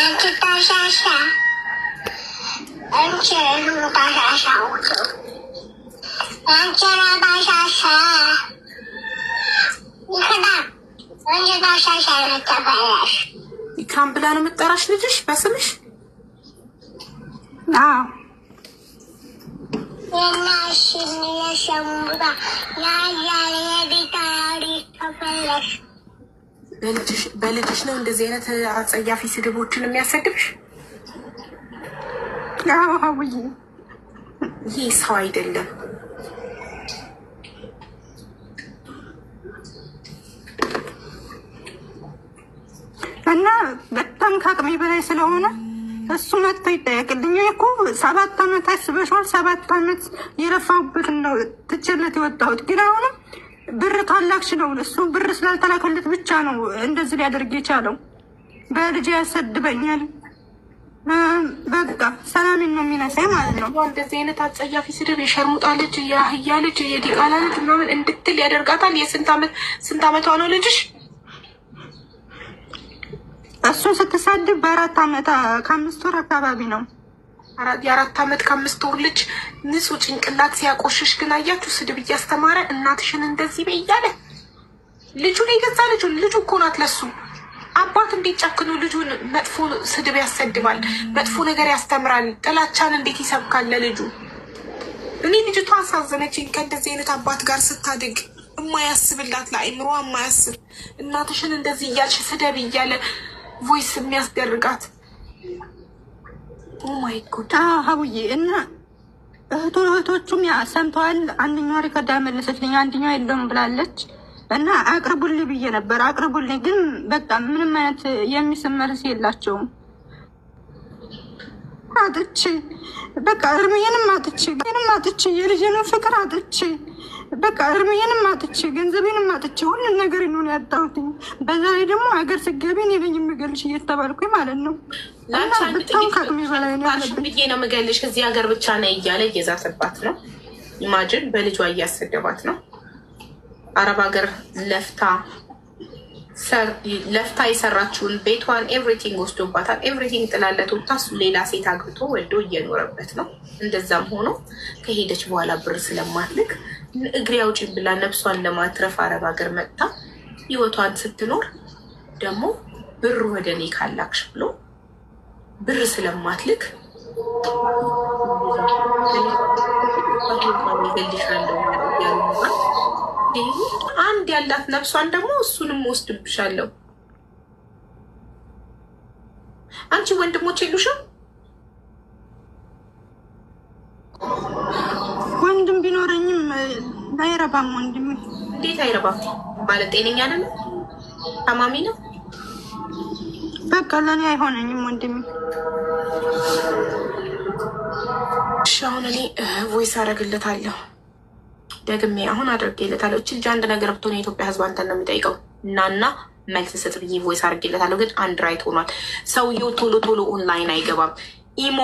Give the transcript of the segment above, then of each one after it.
Önce baş aşağı. Önce baş aşağı otur. Önce baş aşağı. ይከዳል። ወንጀል ማሻሻ መቀበላሽ ይካም ብላ ነው የምጠራሽ ልጅሽ በስምሽ? አዎ የናሽን የሸሙራ ያያለ የቤታ ያሪ ተፈለሽ በልጅሽ ነው እንደዚህ አይነት አጸያፊ ስድቦችን የሚያሰድብሽ? ሀውዬ ይህ ሰው አይደለም። እና በጣም ከአቅሜ በላይ ስለሆነ እሱ መጥቶ ይጠየቅልኝ። እኮ ሰባት አመት አስበሽዋል። ሰባት አመት የለፋሁበትን ነው ትችለት የወጣሁት ግን አሁንም ብር ካላክሽ ነው። እሱ ብር ስላልተላከለት ብቻ ነው እንደዚህ ሊያደርግ የቻለው። በልጅ ያሰድበኛል። በቃ ሰላም ነው የሚነሳኝ ማለት ነው። እንደዚህ አይነት አጸያፊ ስድብ የሸርሙጣ ልጅ፣ የአህያ ልጅ፣ የዲቃላ ልጅ ምናምን እንድትል ያደርጋታል። የስንት አመቷ ነው ልጅሽ? እሱ ስትሳድብ በአራት አመት ከአምስት ወር አካባቢ ነው። የአራት አመት ከአምስት ወር ልጅ ንጹህ ጭንቅላት ሲያቆሽሽ ግን አያችሁ፣ ስድብ እያስተማረ እናትሽን እንደዚህ በይ እያለ ልጁ ላይ ገዛ ልጁ ልጁ እኮ ናት ለሱ አባት እንዴት ጨክኖ ልጁን መጥፎ ስድብ ያሰድባል? መጥፎ ነገር ያስተምራል? ጥላቻን እንዴት ይሰብካል ለልጁ? እኔ ልጅቷ አሳዘነችኝ። ከእንደዚህ አይነት አባት ጋር ስታድግ የማያስብላት ለአይምሮ የማያስብ እናትሽን እንደዚህ እያልሽ ስደብ እያለ ቮይስ የሚያስደርጋት ኦማይ ጎድ ሀቡዬ እና እህቱ እህቶቹም ሰምተዋል። አንደኛዋ ሪከርድ ያመለሰችልኝ አንደኛዋ የለውም ብላለች እና አቅርቡልኝ ብዬ ነበር። አቅርቡልኝ ግን በቃ ምንም አይነት የሚስም መልስ የላቸውም። አጥቼ በቃ እርሜንም አጥቼ ግንም አጥቼ የልጅኑ ፍቅር አጥቼ በቃ እርሜንም አጥቼ ገንዘቤንም አጥቼ ሁሉ ነገር ነው ያጣሁትኝ። በዛ ላይ ደግሞ ሀገር ስገቢ እኔ ነኝ የምገልሽ እየተባልኩኝ ማለት ነው። ብታው ከአቅሜ በላይ ነው ብዬ ነው የምገልሽ። ከዚህ ሀገር ብቻ ነይ እያለ እየዛተባት ነው። ኢማጅን በልጇ እያሰደባት ነው። አረብ ሀገር ለፍታ ለፍታ የሰራችውን ቤቷን ኤቭሪቲንግ ወስዶባታል። ኤቭሪቲንግ ጥላለት ወጣ። እሱ ሌላ ሴት አግብቶ ወልዶ እየኖረበት ነው። እንደዛም ሆኖ ከሄደች በኋላ ብር ስለማትልክ እግሬ አውጪኝ ብላ ነፍሷን ለማትረፍ አረብ ሀገር መጥታ ህይወቷን ስትኖር ደግሞ ብር ወደ እኔ ካላክሽ ብሎ ብር ስለማትልክ አንድ ያላት ነፍሷን ደግሞ እሱንም ወስድብሻለሁ። አንቺ ወንድሞች የሉሽም? አይረባም ወንድሜ። እንዴት አይረባም ማለት ጤነኛ አይደለም? ታማሚ ነው። በቃ ለእኔ አይሆነኝም ወንድሜ። እሺ አሁን እኔ ቮይስ አደርግለታለሁ ደግሜ አሁን አድርጌለታለሁ። እች ልጅ አንድ ነገር ብትሆን የኢትዮጵያ ሕዝብ አንተን ነው የሚጠይቀው። እናና መልስ ስጥ ብዬ ቮይስ አድርጌለታለሁ፣ ግን አንድ ራይት ሆኗል። ሰውየው ቶሎ ቶሎ ኦንላይን አይገባም። ኢሞ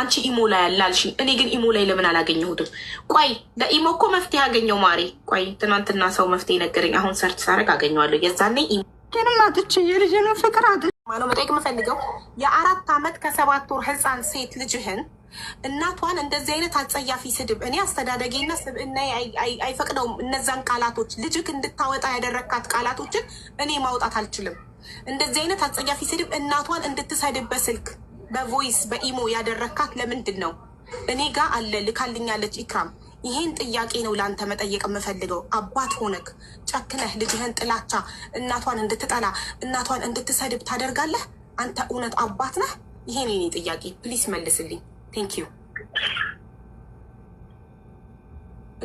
አንቺ ኢሞ ላይ አላልሽኝ። እኔ ግን ኢሞ ላይ ለምን አላገኘሁትም? ቆይ ለኢሞ እኮ መፍትሄ አገኘው ማሬ። ቆይ ትናንትና ሰው መፍትሄ ነገረኝ። አሁን ሰርች ሳረግ አገኘዋለሁ። የዛኔ ኢሞንም አጥቼ የልጅን ፍቅር አጥቼ ነው መጠየቅ የምፈልገው የአራት ዓመት ከሰባት ወር ህፃን ሴት ልጅህን እናቷን እንደዚህ አይነት አጸያፊ ስድብ እኔ አስተዳደጌና ስብዕና አይፈቅደውም። እነዛን ቃላቶች ልጅክ እንድታወጣ ያደረካት ቃላቶችን እኔ ማውጣት አልችልም። እንደዚህ አይነት አጸያፊ ስድብ እናቷን እንድትሰድብ በስልክ በቮይስ በኢሞ ያደረካት ለምንድን ነው? እኔ ጋር አለ ልካልኛለች ኢክራም። ይሄን ጥያቄ ነው ለአንተ መጠየቅ የምፈልገው። አባት ሆነክ ጨክነህ ልጅህን ጥላቻ እናቷን እንድትጠላ እናቷን እንድትሰድብ ታደርጋለህ? አንተ እውነት አባት ነህ? ይሄን የኔ ጥያቄ ፕሊስ መልስልኝ። ቴንክ ዩ።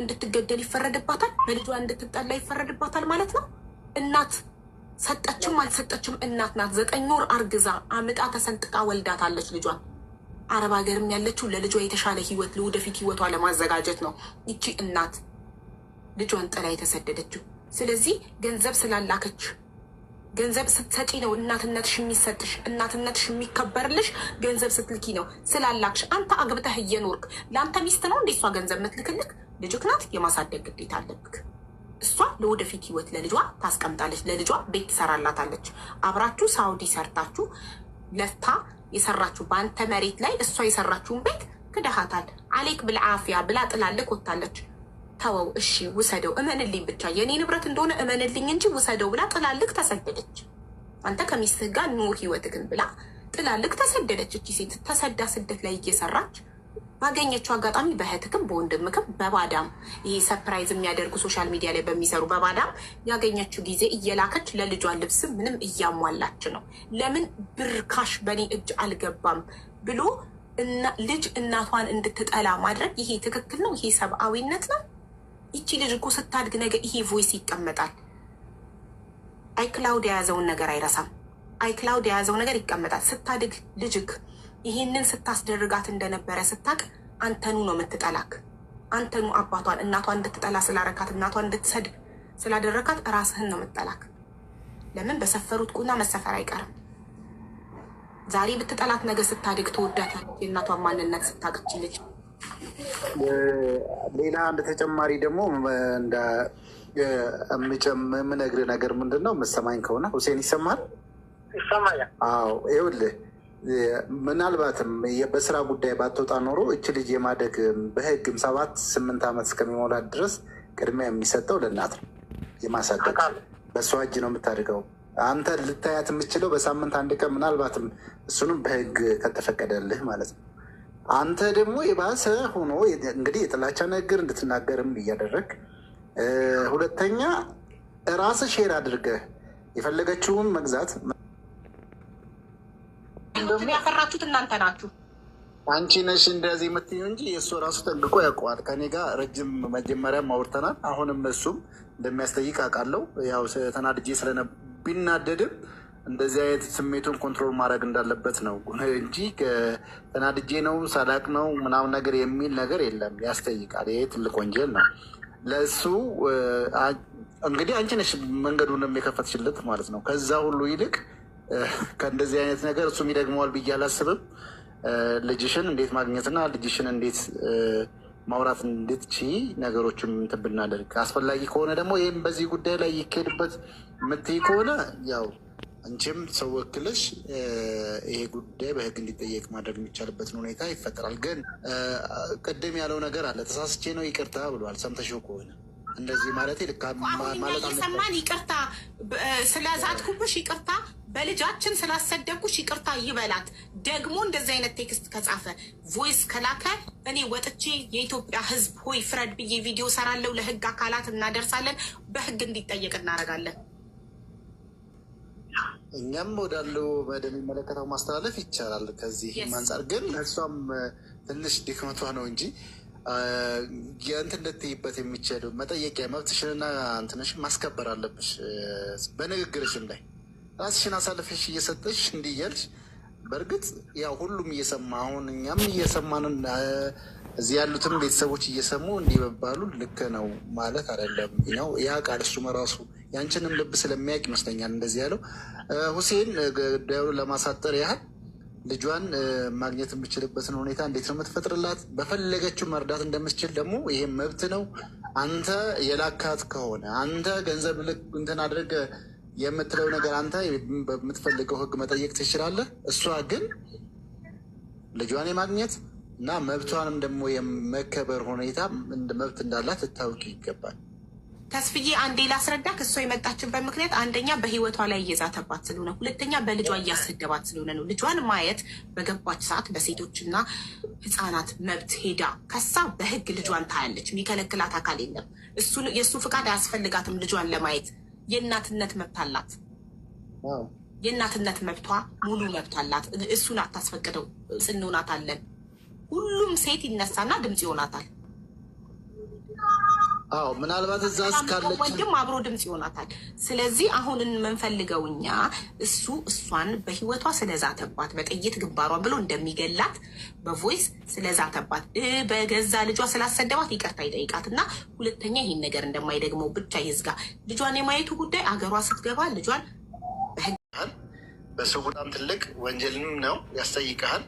እንድትገደል ይፈረድባታል፣ በልጇ እንድትጠላ ይፈረድባታል ማለት ነው እናት ሰጠችም አልሰጠችም እናት ናት። ዘጠኝ ወር አርግዛ አምጣ ተሰንጥቃ ወልዳታለች ልጇን። አረብ ሀገርም ያለችው ለልጇ የተሻለ ህይወት ለወደፊት ህይወቷ ለማዘጋጀት ነው ይቺ እናት ልጇን ጥላ የተሰደደችው። ስለዚህ ገንዘብ ስላላከች ገንዘብ ስትሰጪ ነው እናትነትሽ የሚሰጥሽ፣ እናትነትሽ የሚከበርልሽ ገንዘብ ስትልኪ ነው። ስላላክሽ አንተ አግብተህ እየኖርክ ለአንተ ሚስት ነው እንዴ እሷ ገንዘብ ምትልክልክ? ልጅክ ናት፣ የማሳደግ ግዴታ አለብክ። እሷ ለወደፊት ህይወት ለልጇ ታስቀምጣለች፣ ለልጇ ቤት ትሰራላታለች። አብራችሁ ሳውዲ ሰርታችሁ ለፍታ የሰራችሁ በአንተ መሬት ላይ እሷ የሰራችውን ቤት ክደሃታል። አሌክ ብልአፍያ ብላ ጥላልክ ወታለች። ተወው፣ እሺ ውሰደው፣ እመንልኝ ብቻ የእኔ ንብረት እንደሆነ እመንልኝ እንጂ ውሰደው ብላ ጥላልክ ተሰደደች። አንተ ከሚስትህ ጋር ኑር ግን ብላ ጥላልክ ተሰደደች። እቺ ሴት ተሰዳ ስደት ላይ እየሰራች ባገኘችው አጋጣሚ በእህትክም በወንድምክም በባዳም ይህ ሰፕራይዝ የሚያደርጉ ሶሻል ሚዲያ ላይ በሚሰሩ በባዳም ያገኘችው ጊዜ እየላከች ለልጇ ልብስ ምንም እያሟላች ነው። ለምን ብር ካሽ በኔ እጅ አልገባም ብሎ ልጅ እናቷን እንድትጠላ ማድረግ ይሄ ትክክል ነው? ይሄ ሰብአዊነት ነው? ይቺ ልጅ እኮ ስታድግ ነገ ይሄ ቮይስ ይቀመጣል። አይክላውድ የያዘውን ነገር አይረሳም። አይክላውድ የያዘው ነገር ይቀመጣል። ስታድግ ልጅክ ይሄንን ስታስደርጋት እንደነበረ ስታቅ አንተኑ ነው የምትጠላክ። አንተኑ አባቷን እናቷን እንድትጠላ ስላረካት እናቷን እንድትሰድብ ስላደረካት ራስህን ነው የምትጠላክ። ለምን በሰፈሩት ቁና መሰፈር አይቀርም። ዛሬ ብትጠላት ነገ ስታድግ ትወዳታለች። የእናቷን ማንነት ልጅ ሌላ አንድ ተጨማሪ ደግሞ እንደ የምነግርህ ነገር ምንድን ነው? የምሰማኝ ከሆነ ሁሴን ይሰማል። ይሰማኛል። አዎ ይኸውልህ ምናልባትም በስራ ጉዳይ ባትወጣ ኖሮ እች ልጅ የማደግ በህግም ሰባት ስምንት ዓመት እስከሚሞላት ድረስ ቅድሚያ የሚሰጠው ለእናት ነው። የማሳደግ በእሷ እጅ ነው የምታደርገው። አንተ ልታያት የምችለው በሳምንት አንድ ቀን ምናልባትም እሱንም በህግ ከተፈቀደልህ ማለት ነው። አንተ ደግሞ የባሰ ሆኖ እንግዲህ የጥላቻ ንግግር እንድትናገርም እያደረግ ሁለተኛ ራስ ሼር አድርገህ የፈለገችውን መግዛት ያፈራችሁትን ያፈራችሁት እናንተ ናችሁ። አንቺ ነሽ እንደዚህ የምትይው እንጂ የእሱ ራሱ ጠንቅቆ ያውቀዋል። ከኔ ጋር ረጅም መጀመሪያም አውርተናል። አሁንም እሱም እንደሚያስጠይቅ አውቃለሁ። ያው ተናድጄ ስለነ ቢናደድም እንደዚህ አይነት ስሜቱን ኮንትሮል ማድረግ እንዳለበት ነው እንጂ ተናድጄ ነው ሳላቅ ነው ምናምን ነገር የሚል ነገር የለም። ያስጠይቃል። ይሄ ትልቅ ወንጀል ነው ለእሱ። እንግዲህ አንቺ ነሽ መንገዱንም የከፈትሽለት ማለት ነው ከዛ ሁሉ ይልቅ ከእንደዚህ አይነት ነገር እሱም ይደግመዋል ብዬ አላስብም። ልጅሽን እንዴት ማግኘትና ልጅሽን እንዴት ማውራት እንድትቺ ነገሮችም እንትን ብናደርግ አስፈላጊ ከሆነ ደግሞ ይህም በዚህ ጉዳይ ላይ ይካሄድበት የምትይ ከሆነ ያው አንቺም ሰው ወክለሽ ይሄ ጉዳይ በህግ እንዲጠየቅ ማድረግ የሚቻልበትን ሁኔታ ይፈጠራል። ግን ቅድም ያለው ነገር አለ። ተሳስቼ ነው ይቅርታ ብሏል። ሰምተሽው ከሆነ እንደዚህ ማለት ልካ ማለት ሰማን ይቅርታ ስለዛትኩብሽ ይቅርታ በልጃችን ስላሰደብኩሽ ይቅርታ ይበላት። ደግሞ እንደዚህ አይነት ቴክስት ከጻፈ ቮይስ ከላከ እኔ ወጥቼ የኢትዮጵያ ሕዝብ ሆይ ፍረድ ብዬ ቪዲዮ ሰራለው ለህግ አካላት እናደርሳለን። በህግ እንዲጠየቅ እናደርጋለን። እኛም ወዳለው ወደሚመለከተው ማስተላለፍ ይቻላል። ከዚህ አንጻር ግን እሷም ትንሽ ድክመቷ ነው እንጂ የእንትን እንድትይበት የሚችል መጠየቂያ መብትሽንና እንትንሽን ማስከበር አለብሽ በንግግርሽም ላይ ራስሽን አሳልፈሽ እየሰጠሽ እንዲህ በእርግጥ ያው ሁሉም እየሰማ አሁን እኛም እየሰማንን እዚህ ያሉትን ቤተሰቦች እየሰሙ እንዲበባሉ ልክ ነው ማለት አይደለም። ነው ያ ቃል እሱም ራሱ ያንችንም ልብ ስለሚያውቅ ይመስለኛል እንደዚህ ያለው ሁሴን ጉዳዩን ለማሳጠር ያህል ልጇን ማግኘት የምችልበትን ሁኔታ እንዴት ነው የምትፈጥርላት? በፈለገችው መርዳት እንደምትችል ደግሞ ይሄም መብት ነው። አንተ የላካት ከሆነ አንተ ገንዘብ ልክ እንትን አድርገህ የምትለው ነገር አንተ በምትፈልገው ህግ መጠየቅ ትችላለህ። እሷ ግን ልጇን የማግኘት እና መብቷንም ደግሞ የመከበር ሁኔታ መብት እንዳላት ልታውቂ ይገባል። ተስፍዬ አንዴ ላስረዳ እሷ የመጣችበት ምክንያት አንደኛ በህይወቷ ላይ እየዛተባት ስለሆነ፣ ሁለተኛ በልጇ እያሰደባት ስለሆነ ነው። ልጇን ማየት በገባች ሰዓት በሴቶችና ህፃናት መብት ሄዳ ከሳ በህግ ልጇን ታያለች። የሚከለክላት አካል የለም። የእሱ ፍቃድ አያስፈልጋትም ልጇን ለማየት የእናትነት መብት አላት። የእናትነት መብቷ ሙሉ መብት አላት። እሱን አታስፈቅደው ጽን አለን። ሁሉም ሴት ይነሳና ድምፅ ይሆናታል። አዎ ምናልባት እዛ እስካለች ወንድም አብሮ ድምፅ ይሆናታል። ስለዚህ አሁን የምንፈልገው እኛ እሱ እሷን በህይወቷ ስለዛተባት በጥይት ግንባሯን ብሎ እንደሚገላት በቮይስ ስለዛተባት በገዛ ልጇ ስላሰደባት ይቅርታ ይጠይቃት እና ሁለተኛ ይህን ነገር እንደማይደግመው ብቻ ይዝጋ። ልጇን የማየቱ ጉዳይ አገሯ ስትገባ ልጇን በሰው በጣም ትልቅ ወንጀልም ነው ያስጠይቀሃል።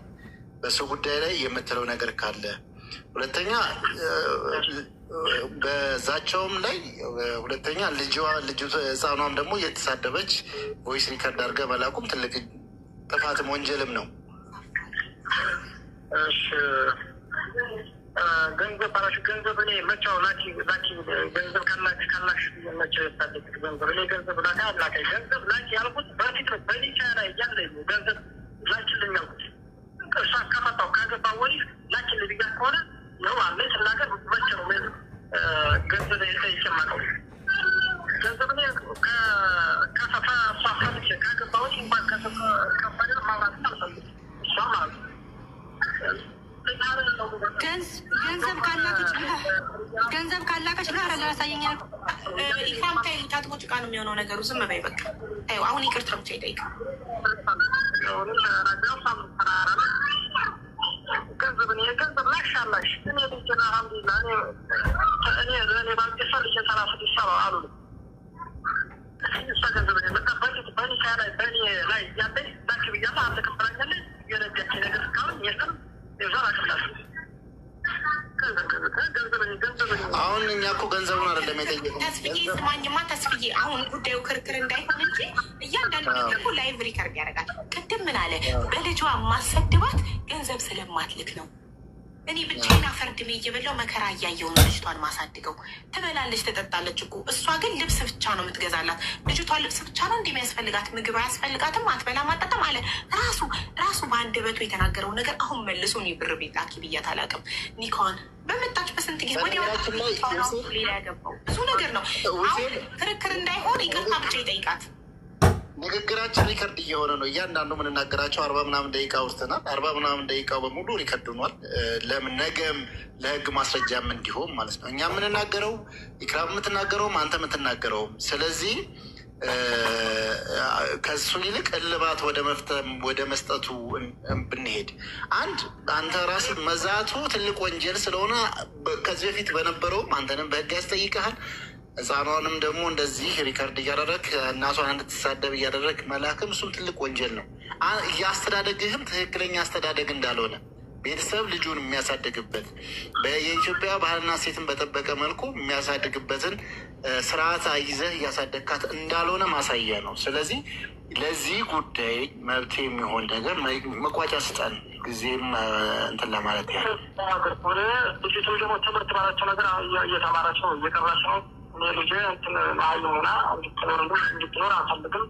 በሰው ጉዳይ ላይ የምትለው ነገር ካለ ሁለተኛ በዛቸውም ላይ ሁለተኛ ልጅዋ ልጁ ህፃኗም ደግሞ እየተሳደበች ወይስ ሪከርድ አድርገህ መላኩም ትልቅ ጥፋትም ወንጀልም ነው። ገንዘብ ባላሽ ገንዘብ ላይ መቻው ላኪ ላኪ ገንዘብ ካላች ካላሽ መቻው የታለች ገንዘብ ላይ ገንዘብ ላ አላከ ገንዘብ ላኪ ያልኩት በፊት በሊቻ ላይ እያለ ገንዘብ ላኪ ልኝ ያልኩት እሷ ከመጣው ካገባ ወዲህ ላኪ ልብያ ከሆነ ነው አለ ስናገር ብቻ ነው ገንዘብ ይሸማቀው ገንዘብ ከሰፋ ሷፋች ካገባዎች ከባድ ማውራት አልፈልግ እሷ ማለት ገንዘብ ካላከች ገንዘብ ካላከች ጋር ረላ ኢፋም ታይ ታጥቦ ጭቃ ነው የሚሆነው ነገሩ። ዝም በይ በቃ። አሁን ይቅርታ ብቻ ይጠይቃል። ልጆችን አልሐምዱላ እኔ እኔ ባልጨፈር ሰላ ስድስት ሰባ አሉ አሁን እኛ እኮ ገንዘቡን አይደለም የጠየቀው። ተስፍዬ ስማኝማ፣ ተስፍዬ አሁን ጉዳዩ ክርክር እንዳይሆን እንጂ እያንዳንዱ ነገር እኮ ላይቭ ሪከርድ ያደርጋል። ቅድም ምን አለ? በልጇ ማሰድባት ገንዘብ ስለማትልክ ነው እኔ ብቻዬን አፈር ድሜ እየበላው መከራ እያየሁ ነው ልጅቷን ማሳድገው። ትበላለች፣ ትጠጣለች እኮ እሷ ግን ልብስ ብቻ ነው የምትገዛላት። ልጅቷ ልብስ ብቻ ነው እንደሚያስፈልጋት ምግብ አያስፈልጋትም፣ አትበላም፣ አጠጣም አለ። ራሱ ራሱ በአንደበቱ የተናገረው ነገር አሁን መልሶ እኔ ብር ቤት ላኪ ብያት አላውቅም። ኒኮን በመጣች በስንት ጊዜ ወዲ ሌላ ያገባው ብዙ ነገር ነው። አሁን ክርክር እንዳይሆን ይቅርታ ብቻ ይጠይቃት። ንግግራችን ሪከርድ እየሆነ ነው። እያንዳንዱ የምንናገራቸው አርባ ምናምን ደቂቃ ውስጥናል። አርባ ምናምን ደቂቃው በሙሉ ሪከርድ ሆኗል። ለምን ነገም ለህግ ማስረጃም እንዲሆን ማለት ነው። እኛ የምንናገረው ኢክራም የምትናገረውም አንተ የምትናገረውም ስለዚህ ከሱ ይልቅ እልባት ወደ መፍተም ወደ መስጠቱ ብንሄድ አንድ አንተ ራስ መዛቱ ትልቅ ወንጀል ስለሆነ ከዚህ በፊት በነበረውም አንተንም በህግ ያስጠይቀሃል ህፃኗንም ደግሞ እንደዚህ ሪከርድ እያደረግ እናቷን እንድትሳደብ እያደረግ መላክም እሱም ትልቅ ወንጀል ነው። እያስተዳደግህም ትክክለኛ አስተዳደግ እንዳልሆነ ቤተሰብ ልጁን የሚያሳድግበት የኢትዮጵያ ባህልና ሴትን በጠበቀ መልኩ የሚያሳድግበትን ስርዓት አይዘህ እያሳደግካት እንዳልሆነ ማሳያ ነው። ስለዚህ ለዚህ ጉዳይ መብት የሚሆን ነገር መቋጫ ስጠን፣ ጊዜም እንትን ለማለት ያህል ልጅቱ ደግሞ ትምህርት ባላቸው ነገር እየተማራቸው እየቀራቸው ነው እኔ ልጅ እንትን መሀል ሆና እንድትኖርልሽ እንድትኖር አልፈልግም።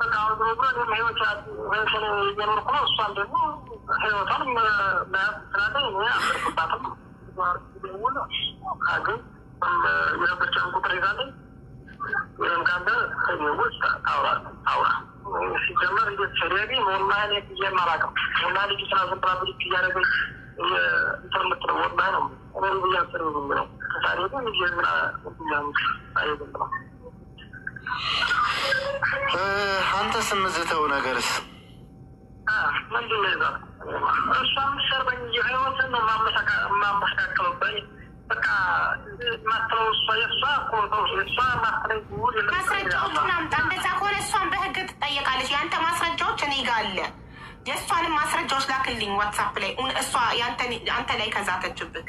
በቃ አሁን ብሎ እኔም ህይወት ስለ እየኖርኩ ነው። እሷን ደግሞ ህይወቷን መያዝ ስላለ እኔ አልደርኩባትም። ሲጀመር አንተ ስምዝተው ነገርስ ማስረጃዎቹን አምጣ። እንደዛ ከሆነ እሷን በህግ ትጠየቃለች። የአንተ ማስረጃዎች እኔ ጋ አለ። የእሷንም ማስረጃዎች ላክልኝ ዋትሳፕ ላይ እሷ አንተ ላይ ተችብክ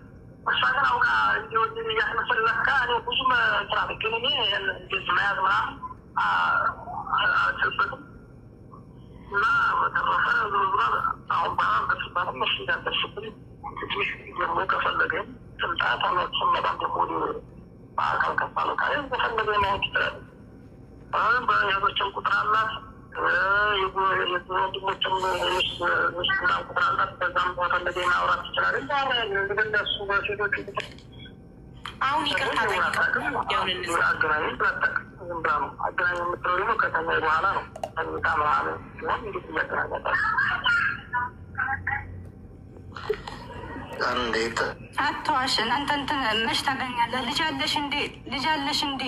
እሷ ግን አውቃ እንዲወድን እያስመሰል ለካ እኔ ብዙም ስራ ግን እኔ ቤት መያዝ ምናምን አልችልበትም እና በተረፈ ዞሮ ዞሮ አሁን ባላ ደርስባትም እሱ እንዳልደርስብን ትንሽ ደግሞ ከፈለገ ስምጣ ታላቅ ስመጣ ደግሞ በአካል ከፋለ ካለ በፈለገ ማወቅ ይችላል። በያዞችን ቁጥር አላት ወንድሞችም ሚስት ምናምን ቁጥር አላት። በዛም በፈለገ ማውራት ትችላለች። ግን ለሱ በሴቶቹ ቁጥር አሁን ይቅርታ አገናኝ ትላታቅ ዝም ብላ ነው አገናኝ የምትለው ደግሞ ከተኛ በኋላ ነው ተኝታ ምናምን ሲሆን እንዴት እያገናኛታል እንዴት አትዋሽ። እናንተ እንትን መች ታገኛለህ? ልጅ አለሽ እንዴ? ልጅ አለሽ እንዴ?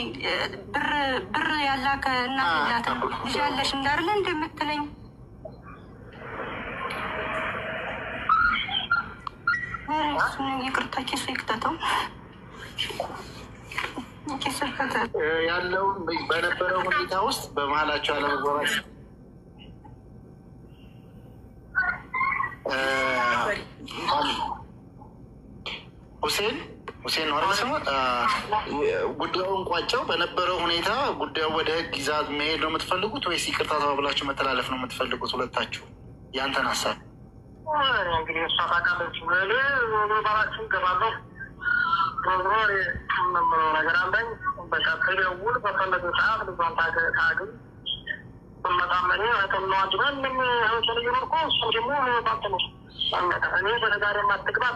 ብር ብር ያላከ እናት የላትም። ልጅ አለሽ እንዳርለ እንደምትለኝ ይቅርታ፣ ኪሱ ይክተተው ያለውን በነበረው ሁኔታ ውስጥ በመሀላቸው አለመግባባት Thank ሁሴን ሁሴን ነው ስሙ። ጉዳዩን ቋጨው። በነበረው ሁኔታ ጉዳዩ ወደ ህግ ይዛ መሄድ ነው የምትፈልጉት ወይስ ይቅርታ ተባብላችሁ መተላለፍ ነው የምትፈልጉት? ሁለታችሁ ያንተን ሀሳብ እንግዲህ እሷ ታውቃለች። ባላችን ነገር አለኝ። ሰዓት ደግሞ በተጋሪ ማትግባት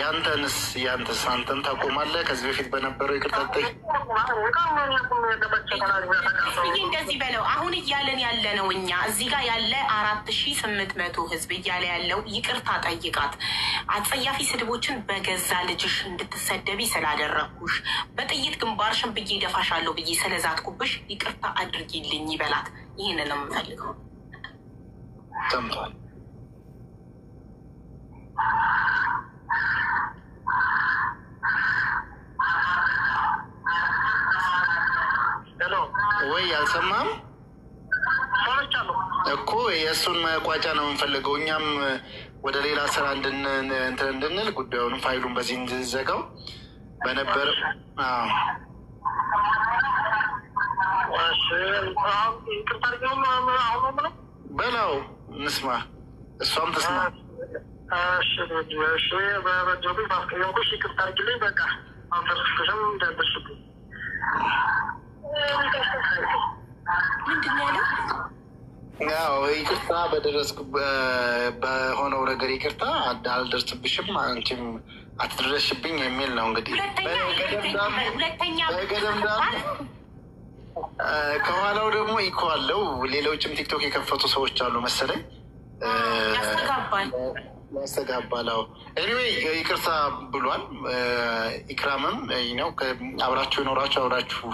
ያንተንስ ያንተስ አንተን ታቆማለህ? ከዚህ በፊት በነበረው ይቅርታ እንደዚህ በለው። አሁን እያለን ያለ ነው እኛ እዚህ ጋር ያለ አራት ሺ ስምንት መቶ ህዝብ እያለ ያለው ይቅርታ ጠይቃት። አጸያፊ ስድቦችን በገዛ ልጅሽ እንድትሰደቢ ስላደረግኩሽ በጥይት ግንባርሽን ብዬ ደፋሻለሁ ብዬ ስለዛትኩብሽ ይቅርታ አድርጊልኝ ይበላት። ይህንን ነው የምፈልገው። አልሰማም እኮ የእሱን መቋጫ ነው የምንፈልገው። እኛም ወደ ሌላ ስራ እንትን እንድንል ጉዳዩን ፋይሉን በዚህ እንድንዘጋው በነበር በላው እንስማ፣ እሷም ትስማ። እሺ በረጀ ባስቀየምኩሽ ይቅርታ አድርጊልኝ። በቃ አንተርስሽም ደብሽ ይቅርታ በደረስኩ በሆነው ነገር ይቅርታ አልደርስብሽም፣ አንቺም አትደረስሽብኝ የሚል ነው። እንግዲህ ከኋላው ደግሞ ኢኮ አለው። ሌሎችም ቲክቶክ የከፈቱ ሰዎች አሉ መሰለኝ፣ ያስተጋባላው ኤኒዌይ ይቅርታ ብሏል። ኢክራምም ነው አብራችሁ የኖራችሁ አብራችሁ